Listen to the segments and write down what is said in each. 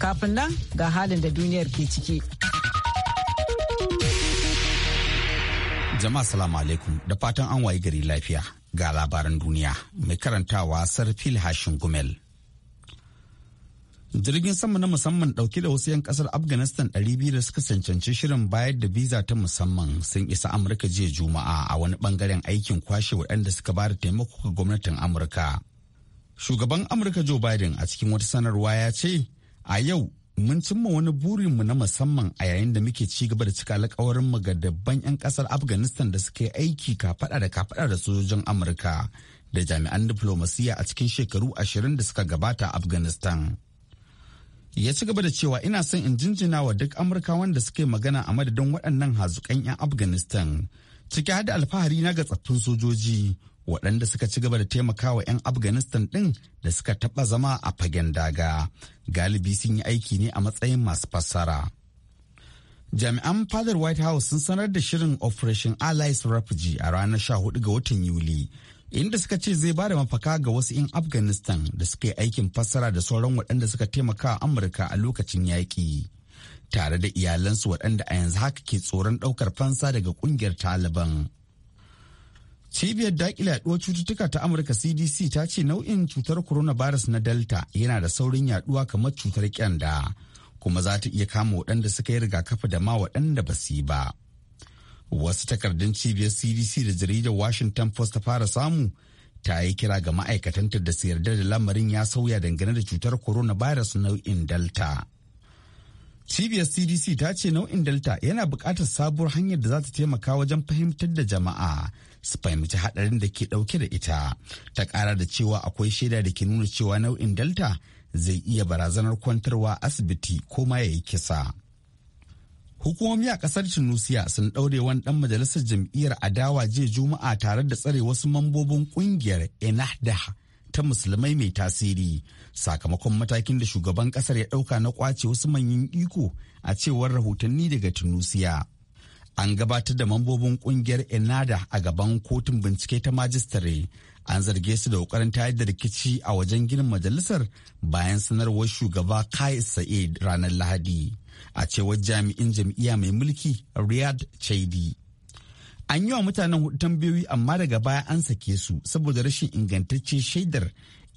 Kafin nan ga halin da duniyar ke ciki. Jama'a salamu alaikum da fatan an wayi gari lafiya ga labaran duniya mai karantawa sarfil hashin gumel. Jirgin sama na musamman dauke da wasu 'yan kasar Afghanistan 200 da suka cancanci shirin bayar da viza ta musamman sun isa Amurka jiya Juma'a a wani bangaren aikin kwashe waɗanda suka ba da taimako ga gwamnatin Amurka. Shugaban Amurka Joe Biden a cikin wata sanarwa ya ce a yau mun cimma wani burinmu na musamman a yayin da muke ci gaba da cika alkawarin mu ga dabban 'yan kasar afghanistan da suke aiki kafada da kafada da sojojin amurka da jami'an diplomasiya a cikin shekaru ashirin da suka gabata a afghanistan ya ci gaba da cewa ina son in jinjina wa duk amurka wanda suke magana a madadin waɗannan hazukan 'yan afghanistan ciki har da alfahari na ga tsaffin sojoji waɗanda suka ci gaba da taimakawa 'yan afghanistan ɗin da suka taɓa zama a fagen daga galibi sun yi aiki ne a matsayin masu fassara jami'an fadar white house sun sanar da shirin operation allies refugee a ranar 14 ga watan yuli inda suka ce zai ba da mafaka ga wasu 'yan afghanistan da suka yi aikin fassara da sauran waɗanda suka taimaka amurka a lokacin yaƙi tare da iyalansu waɗanda a yanzu haka ke tsoron ɗaukar fansa daga ƙungiyar taliban Cibiyar daƙile yaduwar cututtuka ta Amurka CDC ta ce nau'in cutar coronavirus na Delta yana da saurin yaduwa kamar cutar kyanda, kuma za ta iya kama waɗanda suka yi rigakafi da ma waɗanda ba su yi ba. Wasu takardun cibiyar CDC da jaridar Washington Post ta fara samu ta yi kira ga ma'aikatanta da su yarda da lamarin ya sauya dangane da cutar coronavirus nau'in Delta. cibiyar cdc ta ce nau'in delta yana buƙatar sabuwar hanyar da za ta taimaka wajen fahimtar da jama'a su fahimci hadarin da ke dauke da ita ta kara da cewa akwai shaida da ke nuna cewa nau'in delta zai iya barazanar kwantarwa asibiti ko ma yayi kisa hukumomi a kasar tunisia sun daure wani dan majalisar jam'iyyar adawa jiya juma'a tare da tsare wasu mambobin kungiyar enahda ta musulmai mai tasiri sakamakon matakin da shugaban kasar ya dauka na kwace wasu manyan iko a cewar rahotanni daga tunisia an gabatar da mambobin kungiyar enada a gaban kotun bincike ta majistare an zarge su da kokarin tayar da rikici a wajen ginin majalisar bayan sanarwar shugaba kai sa'id ranar lahadi a cewar jami'in jam'iyya mai mulki riyad chaidi an yi wa mutanen hudu tambayoyi amma daga baya an sake su saboda rashin ingantacce shaidar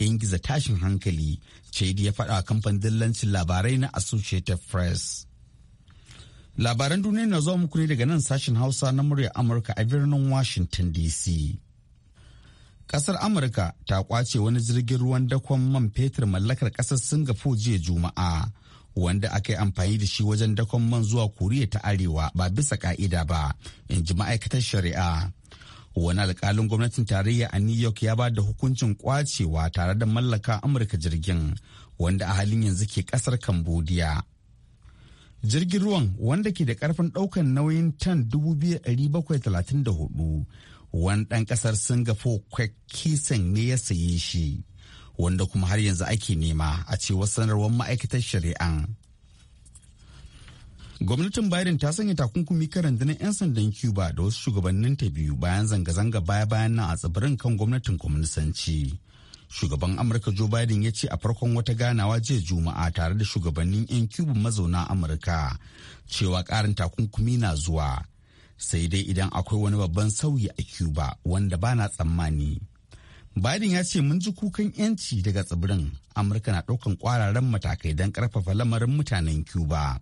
ingiza tashin hankali chaidi ya faɗa kamfanin dillancin labarai na associated press Labaran duniya na zuwa muku ne daga nan sashen Hausa na murya Amurka a birnin Washington DC. Kasar Amurka ta kwace wani jirgin ruwan dakon man fetur mallakar kasar Singapore jiya Juma'a, wanda aka yi amfani da shi wajen dakon man zuwa Koriya ta Arewa ba bisa ka'ida ba, in ji ma'aikatar shari'a. Wani alkalin gwamnatin tarayya a New York ya ba da hukuncin kwacewa tare da mallaka Amurka jirgin, wanda a halin yanzu ke kasar Cambodia. jirgin ruwan wanda ke da karfin daukan nauyin tan 2,734 wani dan kasar singapore kwakisan ne ya saye shi wanda kuma har yanzu ake nema a cewar sanarwar ma'aikatar shari'an. gwamnatin biden ta sanya takunkumi kan rundunar 'yan sandan cuba da wasu shugabannin ta biyu bayan zanga-zanga baya-bayan nan a tsibirin kan gwamnatin kwamnisanci. shugaban amurka joe biden ya ce a farkon wata ganawa jiya juma'a tare da shugabannin 'yan cuban mazauna amurka cewa karin takunkumi na zuwa sai dai idan akwai wani babban sauyi a cuba wanda ba na tsammani biden ya ce mun ji kukan 'yanci daga tsibirin amurka na ɗaukan ƙwararren matakai don ƙarfafa lamarin mutanen cuba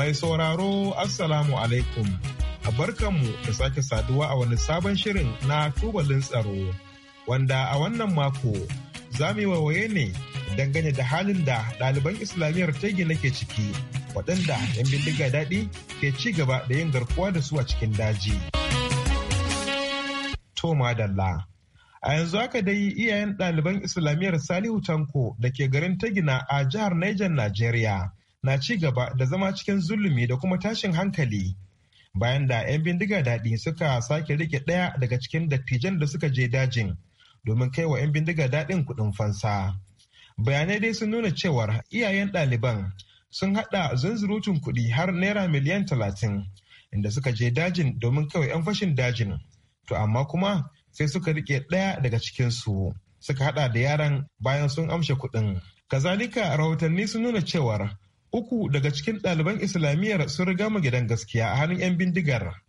Mai sauraro Assalamu alaikum. A barkanmu da sake saduwa a wani sabon shirin na tubalin tsaro wanda a wannan mako za mu wawaye ne dangane da halin da ɗaliban islamiyyar tegi ke ciki waɗanda 'yan bindiga daɗi ke ci gaba da yin garkuwa da su a cikin daji. to Dalla. A yanzu aka dai iyayen ɗaliban islamiyyar Salihu Tanko da ke garin Tagina a jihar Niger, Najeriya. na ci gaba da zama cikin zulumi da kuma tashin hankali bayan da 'yan bindiga daɗi suka sake rike ɗaya daga cikin dattijan da suka je dajin domin kai wa 'yan bindiga daɗin kuɗin fansa. Bayanai dai sun nuna cewar iyayen ɗaliban sun haɗa zunzurutun kuɗi har naira miliyan talatin inda suka je dajin domin kawai 'yan fashin dajin. To amma kuma sai suka rike ɗaya daga cikinsu suka haɗa da yaran bayan sun amshe kuɗin. Kazalika rahotanni sun nuna cewar uku daga cikin ɗaliban islamiyyar sun riga mu gidan gaskiya a hannun 'yan bindigar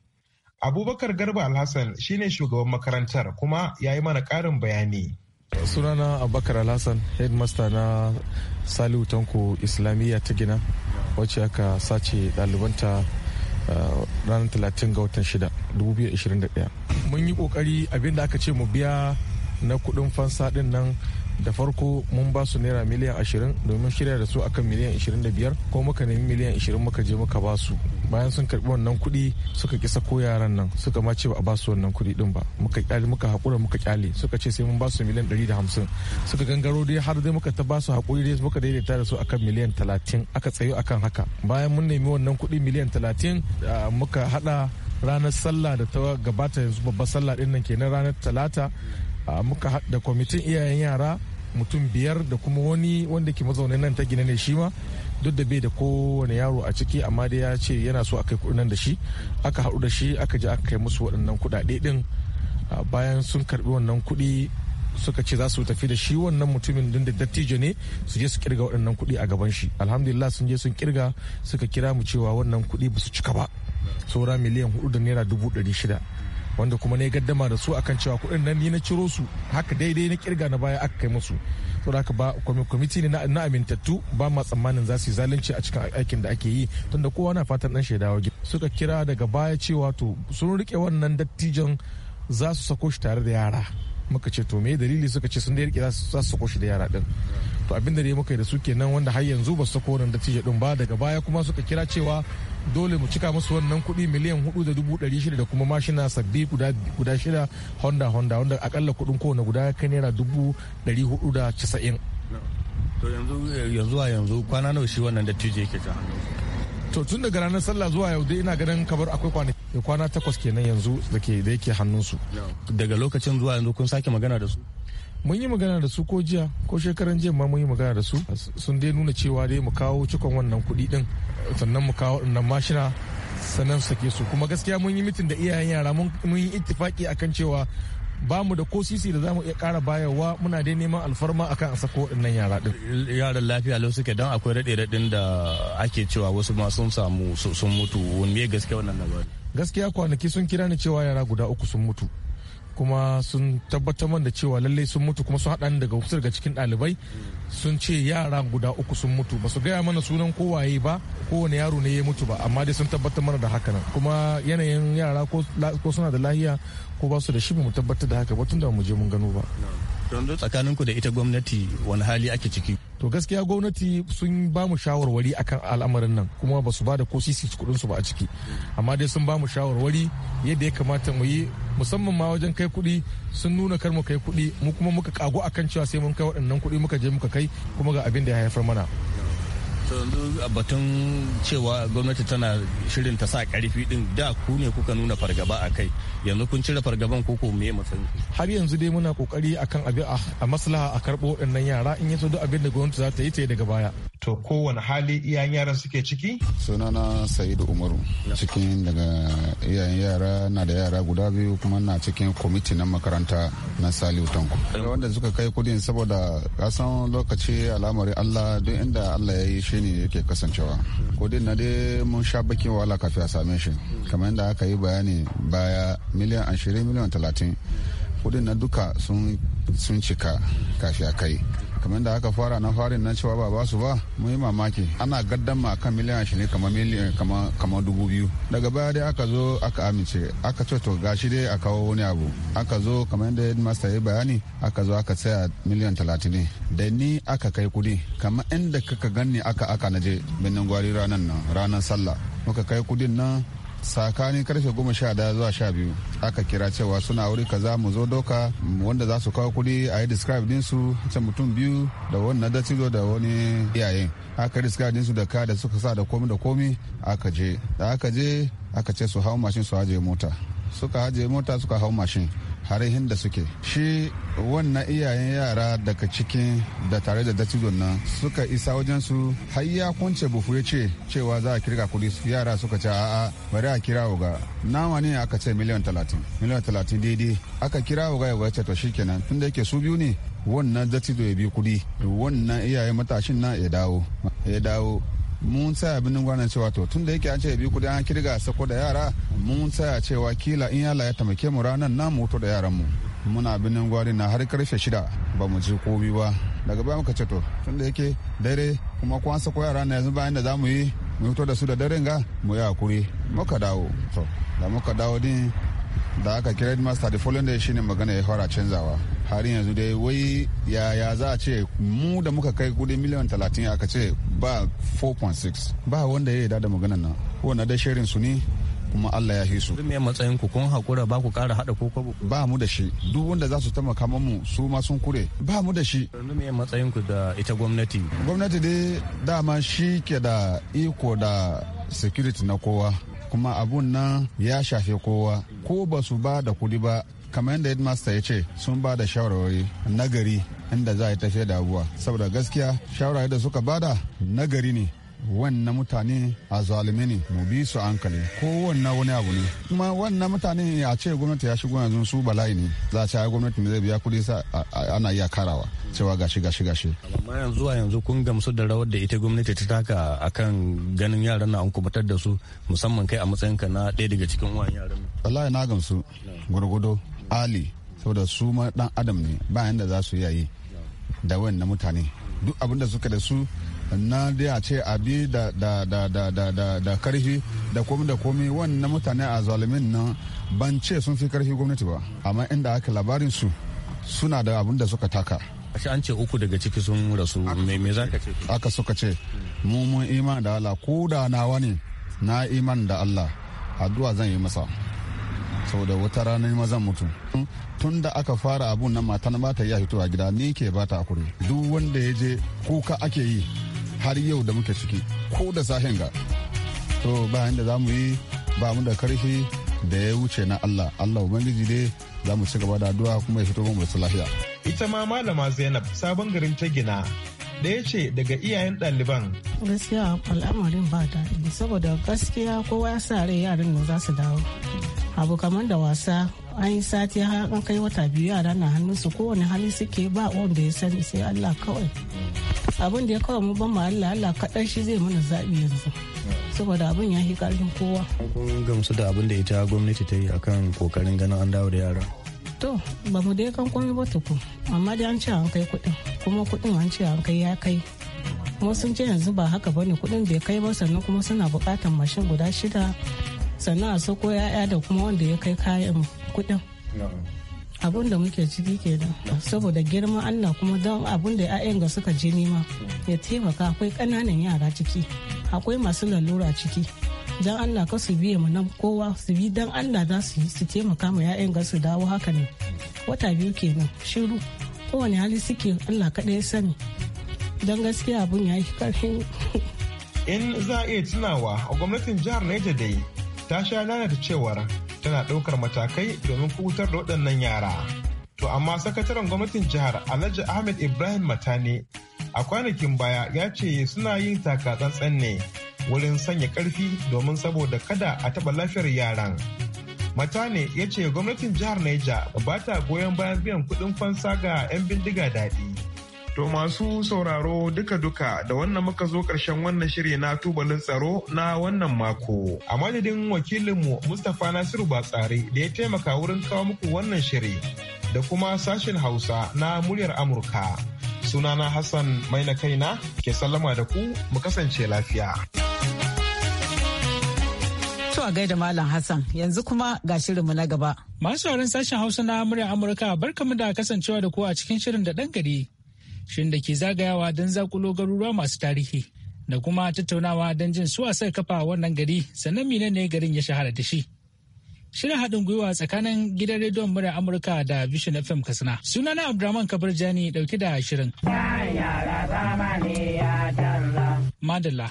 abubakar garba alhassan shine shugaban makarantar kuma ya yi mana ƙarin bayani sunana abubakar alhassan headmaster na salihu tanko islamiyya ta gina wacce aka sace ɗalibanta uh, ranar 30 ga watan 6 2021 mun yi ƙoƙari abinda aka ce mu biya na kuɗin fansa ɗin nan da farko mun ba su naira miliyan 20 domin shirya da su akan miliyan 25 ko muka nemi miliyan 20 muka je muka ba su bayan sun karbi wannan kuɗi suka kisa ko yaran nan suka ma ce ba a ba su wannan kuɗi din ba muka kyale muka hakura muka kyale suka ce sai mun ba su miliyan 150 suka gangaro dai har dai muka ta ba su hakuri dai muka daidaita da su akan miliyan 30 aka tsayo akan haka bayan mun nemi wannan kuɗi miliyan 30 muka hada ranar sallah da ta gabata yanzu babbar sallah din nan kenan ranar talata muka da kwamitin iyayen yara mutum biyar da kuma wani wanda ke mazaunin nan ta gina ne shi ma duk da bai da kowane yaro a ciki amma dai ya ce yana so a kai kudin da shi aka haɗu da shi aka je aka kai musu waɗannan kuɗaɗe din bayan sun karɓi wannan kuɗi suka ce za su tafi da shi wannan mutumin din da dattijo ne su je su kirga waɗannan kuɗi a gaban shi alhamdulillah sun je sun kirga suka kira mu cewa wannan kuɗi ba su cika ba saura miliyan hudu da naira dubu ɗari shida wanda kuma na gaddama da su akan cewa kuɗin nan ni na ciro su haka daidai na kirga na baya aka kai musu saboda haka ba kwamiti ne na amintattu ba ma tsammanin za su yi zalunci a cikin aikin da ake yi tunda kowa na fatan dan shaidawa gida. suka kira daga baya cewa to sun rike wannan dattijan za su sako shi tare da yara muka ce to me dalili suka ce sun da rike za su sako shi da yara din to abin da ne muka yi da su kenan wanda har yanzu ba su sako wannan dattijo din ba daga baya kuma suka kira cewa dole mu cika musu wannan kuɗi miliyan hudu da dubu ɗari shida da kuma mashina sabbi guda shida honda honda wanda akalla kuɗin kowane guda kai naira dubu ɗari hudu da casa'in. to yanzu eh, yanzu a yanzu kwana nawa shi wannan dattijo yake ta to tun daga ranar sallah zuwa yau dai ina ganin kamar akwai kwana kwana takwas kenan yanzu da yake hannunsu daga lokacin zuwa yanzu kun sake magana da su mun yi magana da su ko jiya ko shekaran jiya ma mun yi magana da su sun dai nuna cewa dai mu kawo cikon wannan kuɗi din sannan mu kawo wannan mashina sannan su sake su kuma gaskiya mun yi mitin da iyayen yara mun yi ittifaki akan cewa ba mu da ko sisi da za mu iya kara bayarwa muna dai neman alfarma akan a sako waɗannan yara din. Yaran lafiya lau suke don akwai raɗe raɗin da ake cewa wasu ma sun samu sun mutu wani gaskiya wannan labari. Gaskiya kwanaki sun kira ni cewa yara guda uku sun mutu. kuma sun tabbatar man da cewa lallai sun mutu kuma sun haɗa ni daga wasu daga cikin ɗalibai sun ce yara guda uku sun mutu ba su gaya mana sunan kowaye ba kowane yaro ne ya mutu ba amma dai sun tabbatar mana da haka nan kuma yanayin yara ko suna da lahiya ko ba su da shi mu tabbatar da haka ba tun da mu je mun gano ba. tsakanin ku da ita gwamnati wani hali ake ciki to gaskiya gwamnati sun ba mu shawarwari akan al'amarin nan kuma ba su ba da ko sisi kudin su ba a ciki amma dai sun ba mu shawarwari yadda ya kamata mu yi musamman ma wajen kai kuɗi sun nuna kar mu kai kuɗi mu kuma muka kago akan cewa sai mun kai waɗannan kuɗi muka je muka kai kuma ga abin da ya haifar mana a batun cewa gwamnati tana shirin ta sa karfi din da ku ne kuka nuna fargaba a kai yanzu kun cire fargaban ko me matsayi har yanzu dai muna kokari akan abi a maslaha a karbo waɗannan yara in yaso duk abin da gwamnati za ta yi ta daga baya to kowane hali iyayen yaran suke ciki? sunana sa'idu umaru cikin daga iyayen yara na da yara guda biyu kuma na cikin kwamiti na makaranta na saliu tanku wanda suka kai kudin saboda kasan lokaci al'amari allah duk inda allah ya yi shi ne yake kasancewa kudin na dai mun sha bakin wahala kafin a same shi kamar yadda aka yi bayani baya miliyan ashirin miliyan talatin kudin na duka sun cika kafin a kai kamar da aka fara na farin na cewa ba ba su ba mu yi mamaki ana gaddan ma kan miliyan shi ne kamar miliyan kamar dubu biyu daga baya dai aka zo aka amince aka ce to gashi dai a kawo wani abu aka zo kamar yadda headmaster ya bayani aka zo aka tsaya miliyan talatin ne da ni aka kai kudi kamar inda kaka ganni aka aka na je gwari ranar nan ranan sallah muka kai kudin nan tsakanin karfe goma sha daya zuwa sha biyu aka kira cewa suna wuri kaza mu zo doka wanda za su kawo kuɗi a yi describe dinsu ta mutum biyu da wani na dattijo da wani iyayen aka din dinsu da kaya da suka sa da komi da komi aka je da aka je aka ce su hau mashin su haje mota suka haje mota suka hau mashin harihin da suke shi wannan iyayen yara daga cikin da tare da dattijon nan suka isa wajen su har ya kunce bufu ya ce cewa za a kirga kudi yara suka ce a'a bari a kira uga nawa ne aka ce miliyan talatin miliyan talatin daidai aka kira uga ya wace to shikenan tunda yake su biyu ne wannan dattijo ya bi kudi wannan iyayen matashin na ya dawo ya dawo mun tsaya birnin gwanan cewa to tun da yake an ce bi kudi an kirga sako da yara mun tsaya cewa kila in yala ya tamake mu ranar na mu da yaran mu muna birnin gwari na har karfe shida ba mu ji komi ba daga baya muka ce to tun da yake dare kuma ko sako yara na yanzu bayan da za mu yi mu fito da su da dare ga mu yi hakuri muka dawo to da muka dawo din da aka kira headmaster da following day shine magana ya fara canzawa har yanzu dai wai yaya za a ce mu da muka kai kudi miliyan talatin aka ce ba 4.6 ba wanda ya yi da maganan nan wannan dai shirin su ne kuma Allah ya hisu. Me matsayin ku kun hakura ba ku kara hada ko kwabo? Ba mu da shi. Duk wanda za su taimaka mu su ma sun kure. Ba mu da shi. Me matsayin ku da ita gwamnati? Gwamnati dai dama shi ke da iko da security na kowa. kuma abun nan ya shafe kowa ko ba su ba da kudi ba kamar yadda headmaster ya ce sun ba da shawarwari nagari inda za a yi tafiya da abuwa saboda gaskiya shawarwari da suka bada nagari ne wannan mutane a zalime ne mu bi su hankali ko wannan wani abu ne kuma wannan mutane a ce gwamnati ya shigo yanzu su bala'i ne za a ce gwamnati ne zai biya kuɗi sa ana iya karawa cewa gashi gashi gashi amma yanzu a yanzu kun gamsu da rawar da ita gwamnati ta taka akan ganin yaran na an kubutar da su musamman kai a matsayinka na ɗaya daga cikin uwan yaran wallahi na gamsu gurgudo ali saboda su ma dan adam ne bayan da za su yayi da wannan mutane duk abin da suka da su na dai a ce abi da da da karfi da komi da komi wannan mutane a zalimin nan ban ce sun fi karfi gwamnati ba amma inda aka labarin su suna da abin da suka taka ashe an ce uku daga ciki sun rasu me me za ka ce aka suka ce mu mun iman da Allah ko da nawa ne na iman da Allah addu'a zan yi masa saboda wata rana ma zan mutu tun da aka fara abun nan matan ba ta fito fitowa gida ni ke ba ta akure duk wanda ya je kuka ake yi har yau da muke ciki ko da sahen ga to ba da za mu yi ba mu da karfi da ya wuce na Allah Allah ubangiji dai za mu ci gaba da addu'a kuma ya fito mu da lafiya ita ma malama Zainab sabon garin ta gina ɗaya ce daga iyayen ɗaliban gaskiya al'amarin ba ta saboda gaskiya kowa ya sa rai yaran nan za su dawo abu kamar da wasa an yi sati har an kai wata biyu yara na hannunsu kowane hali suke ba wanda ya sani sai allah kawai abin da ya kawo mu ban ma allah allah kaɗan shi zai mana zaɓi yanzu saboda abin ya fi ƙarfin kowa. kun gamsu da abin da ita gwamnati ta yi akan kokarin ganin an dawo da yara. to ba mu dai kan komai ba tuku amma dai an ce an kai kuɗin kuma kuɗin an ce an kai ya kai kuma sun ce yanzu ba haka bane kuɗin bai kai ba sannan kuma suna buƙatar mashin guda shida sannan a sako ya'ya da kuma wanda ya kai kayan kudin abun da muke ciki kenan saboda girman allah kuma don abun da 'ya'yan ga suka je nema ya taimaka akwai ƙananan yara ciki akwai masu lalura ciki don allah ka su biye mu nan kowa su bi don allah za su yi su taimaka ma 'ya'yan ga su dawo haka ne wata biyu kenan shiru kowane hali suke allah kaɗai sani don gaskiya abun ya yi ƙarfin in za a iya tunawa a gwamnatin jihar da dai ta sha da cewar tana ɗaukar matakai domin kubutar da waɗannan yara. To amma sakataren gwamnatin jihar Alhaji Ahmed Ibrahim Matane a kwanakin baya ya ce suna yin taka tsantsan ne wurin sanya ƙarfi domin saboda kada a taɓa lafiyar yaran. Matane ya ce gwamnatin jihar Niger ba ta goyon bayan biyan kuɗin fansa ga 'yan bindiga daɗi. To masu sauraro duka-duka da wannan muka zo ƙarshen wannan shiri na tubalin tsaro na wannan mako. A madadin wakilinmu Mustapha Nasiru Batsari da ya taimaka wurin kawo muku wannan shiri da kuma sashen Hausa na muryar Amurka. Sunana Hassan mai Maina Kaina ke sallama da ku mu kasance lafiya. To a gaida Malam Hassan yanzu kuma ga shirinmu na gaba. Masu sashen Hausa na muryar Amurka barkamu da kasancewa da ku a cikin shirin da ɗan gari. Shin da ke zagayawa don zakulo garuruwa masu tarihi da kuma tattaunawa don jin su sai kafa wannan gari sannan ne garin ya shahara da shi. Shirin haɗin gwiwa tsakanin gidan rediyon mura Amurka da Vision FM Katsina. na Abdurrahman Kabir Jani ɗauki da shirin. Madalla.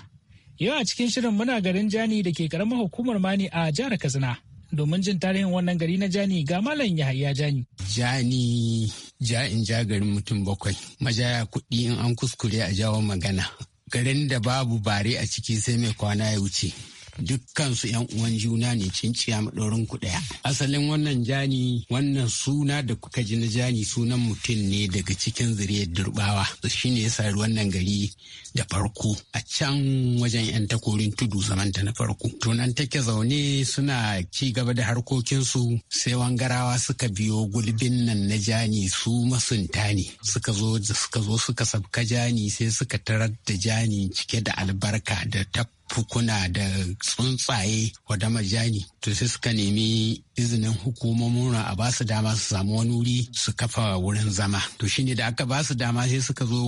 Yau a cikin shirin muna garin Jani da ke karamar hukumar Mani a jihar Katsina. domin jin tarihin wannan gari na Jani ga Malam Yahaya Jani. Jani ja in ja garin mutum bakwai majaya kuɗi in an kuskure a jawo magana garin da babu bare a ciki sai mai kwana ya wuce dukkansu yan uwan juna ne cinciya maɗorin ku ɗaya asalin wannan jani wannan suna da kuka ji na jani sunan mutum ne daga cikin zuriyar durbawa shine yasa wannan gari da farko a can wajen 'yan takorin tudu zamanta na farko. Tunan take zaune suna ci gaba da harkokinsu sai wangarawa suka biyo gulbin nan na jani su masunta ne suka zo suka zo suka sabka jani sai suka tarar da jani cike da albarka da tab fukuna da tsuntsaye wada majani to sai suka nemi izinin hukumomin a ba su dama su samu wani wuri su kafa wurin zama to shine da aka ba su dama sai suka zo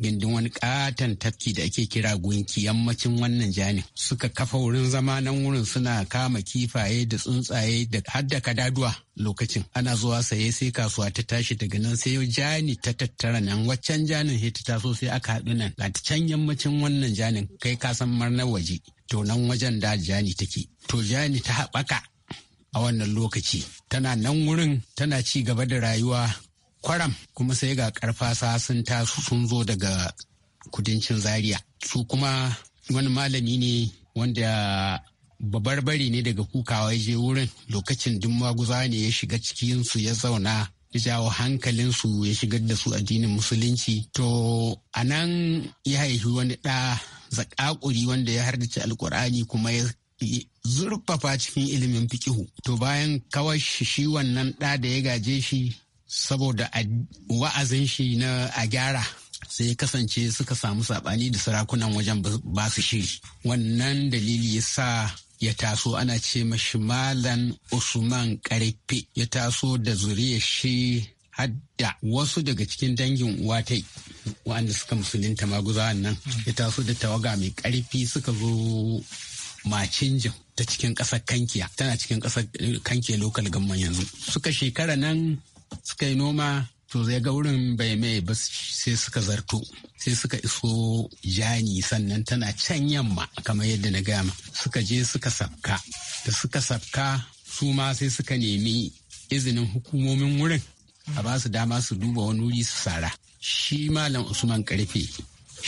gindin wani katon tafki da ake kira gunki yammacin wannan janin suka kafa wurin zama nan wurin suna kama kifaye da tsuntsaye da har da kadaduwa lokacin ana zuwa saye sai kasuwa ta tashi daga nan sai jani ta tattara nan waccan janin sai ta taso sai aka haɗu nan ga can yammacin wannan janin kai ka san marnar waje to nan wajen da jani take to jani ta haɓaka a wannan lokaci tana nan wurin tana ci gaba da rayuwa kwaram kuma sai ga karfasa sun taso sun zo daga kudancin zaria su kuma wani malami ne wanda babarbare ne daga kukawa ya je wurin lokacin duk maguza ne ya shiga cikinsu ya zauna ya jawo hankalinsu ya shigar da su addinin musulunci to a nan ya haifi wani ɗa zaƙaƙuri wanda ya hardace alkur'ani kuma ya zurfafa cikin ilimin fikihu to bayan kawai shi wannan ɗa da ya gaje shi saboda wa'azin shi na a gyara sai kasance suka samu saɓani da sarakunan wajen ba su shiri wannan dalili ya sa ya taso ana ce mashi malan usman karfe ya taso da zuriya shi hadda wasu daga cikin dangin watai wa'anda suka musulunta maguza nan ya taso da tawaga mai karfi suka zo macinjin ta cikin ƙasar kankiya tana cikin ƙasar eh, kankiya lokal gamman yanzu suka shekara nan suka yi noma to zai ga wurin bai mai ba sai suka zarto sai suka iso jani sannan tana can yamma kamar yadda na gama suka je suka sabka da suka sabka su ma sai suka nemi izinin hukumomin wurin a ba su dama su duba wani wuri su sara shi malam usman karfe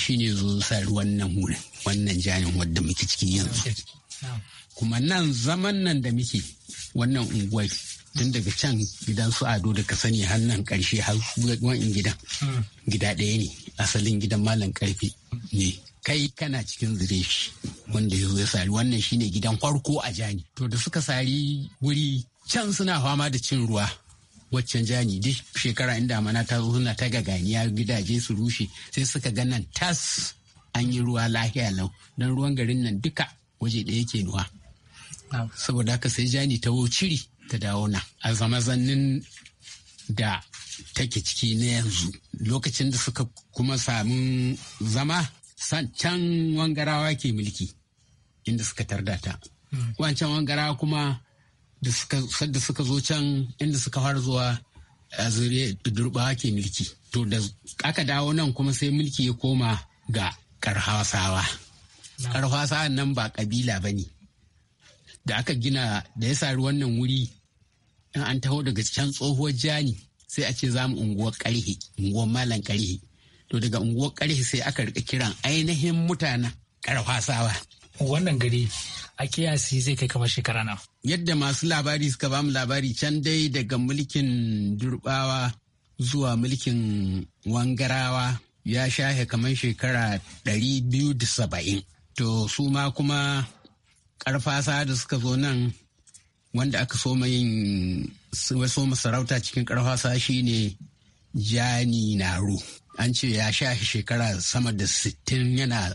shi ne zo sari wannan wurin wannan janin wadda muke cikin yanzu kuma nan zaman nan da muke wannan unguwar tun daga can gidan su ado da ka sani hannun karshe har wa'in gidan hmm. gida ɗaya ne asalin gidan malam karfe ne kai kana cikin zire shi wanda ya sari wannan shine gidan farko a jani to da suka sari wuri can suna fama da cin ruwa waccan jani duk shekara inda mana ta zo suna ta gaganiya gidaje su rushe sai suka ga nan tas an yi ruwa lahiya lau don ruwan garin nan duka waje ɗaya ke nuwa saboda haka sai jani ta ciri ta dawo nan a zama zannin da take ciki na yanzu lokacin da suka kuma samu zama can wangarawa ke mulki inda suka tarda ta hmm. wancan wangarawa kuma da suka zo can inda suka fara zuwa a zuriya durbawa ke mulki to da aka dawo nan kuma sai mulki ya koma ga karhawasawa hmm. karhawasawa nan ba kabila ba ne da aka gina da ya sari wannan wuri in an taho daga can tsohuwar jani sai a ce zamu unguwar karhe unguwar malam karhe to daga unguwar karhe sai aka rika kiran ainihin mutanen karfasawa wannan gari a kiyasi zai kai kamar shekara na yadda masu labari suka bamu labari can dai daga mulkin durbawa zuwa mulkin wangarawa ya shahe kamar shekara 270 to su ma kuma karfasa da suka zo nan wanda aka soma yin so sarauta cikin karfasa shine jani naro an ce ya sha shekara sama da sittin yana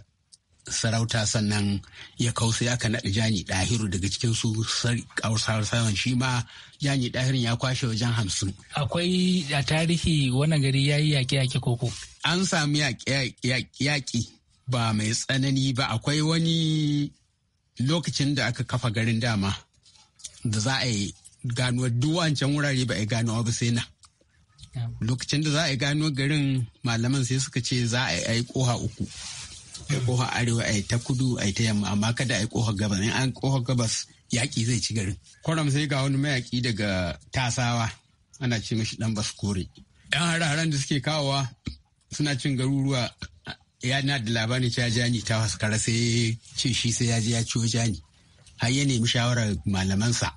sarauta sannan ya kausa ya naɗa jani ɗahiru daga cikin su sarƙausar shi ma jani ɗahirin ya kwashe wajen hamsin. akwai a tarihi wannan gari ya yi yaƙe-yaƙe koko an sami yaƙi ba mai tsanani ba akwai wani lokacin da aka kafa garin dama da za a yi gano duk wancan wurare ba a yi gano ba sai na. Lokacin da za a yi gano garin malaman sai suka ce za a yi koha uku. A koha arewa a ta kudu a yi ta yamma amma kada a yi koha gabas. In an koha gabas yaƙi zai ci garin. Kwaram sai ga wani mayaƙi daga tasawa ana ce mashi dan baskore. Yan hare-haren da suke kawowa suna cin garuruwa ya na da labarin cewa jani ta haskara sai ce shi sai ya je ya ciwo jani har ya nemi shawarar malamansa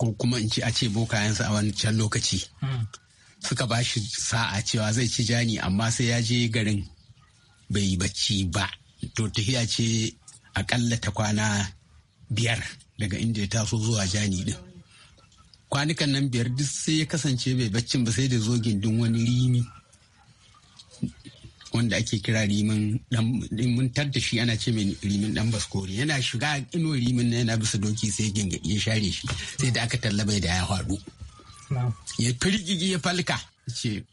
ko kuma in ci a ce bokayensa a wancan lokaci hmm. suka ba shi sa'a cewa zai ci jani amma sai ya je garin bai yi bacci ba to tafiya ce akalla ta kwana biyar daga inda ya taso zuwa jani din kwanukan nan biyar duk sai ya kasance bai baccin ba sai da zo gindin wani rimi wanda ake kira rimin rimin tadda shi ana ce mai rimin dan baskori yana shiga ino rimin na yana bisa doki sai gingadi ya share shi sai da aka tallaba da ya faɗo ya firgigi ya falka ce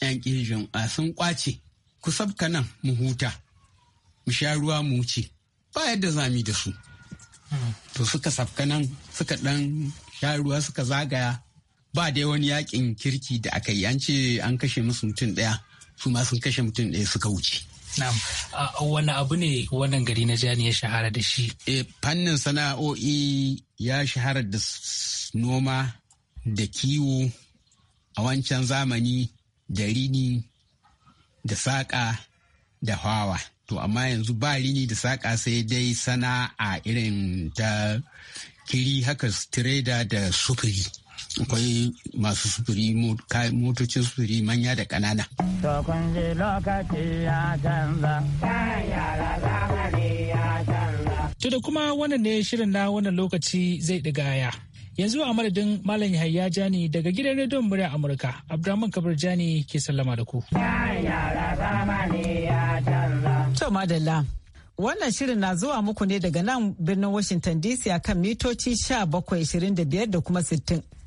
yan kirjin a sun kwace ku sabka nan mu huta mu sha ruwa mu wuce ba yadda zami da su hmm. to suka sabka nan suka dan sha ruwa suka zagaya ba dai wani yakin kirki da aka yi an ce an kashe musu mutum daya su ma sun kashe mutum ɗaya suka wuce. Na'am, wani abu ne wannan gari na jani ya shahara da shi? E, fannin sana'o'i ya shahara da noma da kiwo a wancan zamani da rini da saƙa da hawa. To, amma yanzu ba rini da saƙa sai dai sana'a irin ta kiri haka streda da sufuri. akwai masu sufuri motocin sufuri manya da kanana To da kuma wannan ne shirin na wannan lokaci zai ɗiga ya Yanzu a madadin Malam Yahaya Jani daga gidan rediyon murya Amurka, Abdulrahman Kabir Jani ke sallama da ku. To madalla. Wannan shirin na zuwa muku ne daga nan birnin Washington DC a kan mitoci 1725 da kuma 60.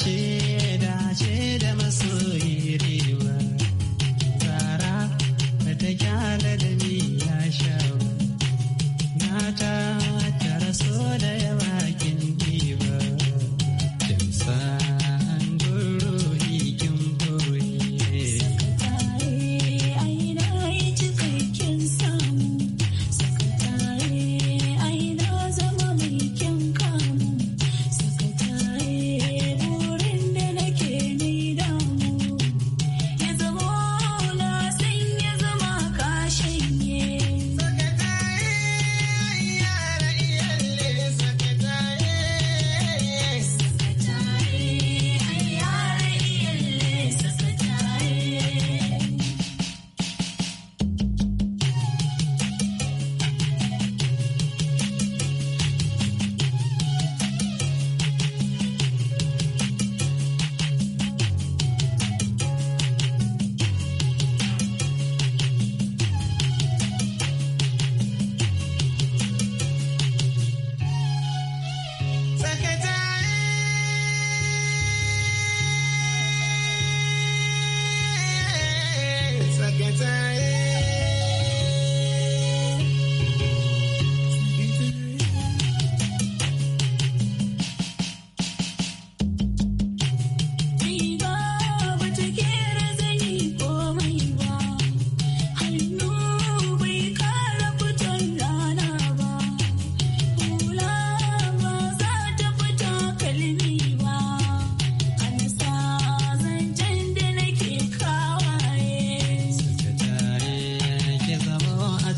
ci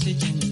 oxygen.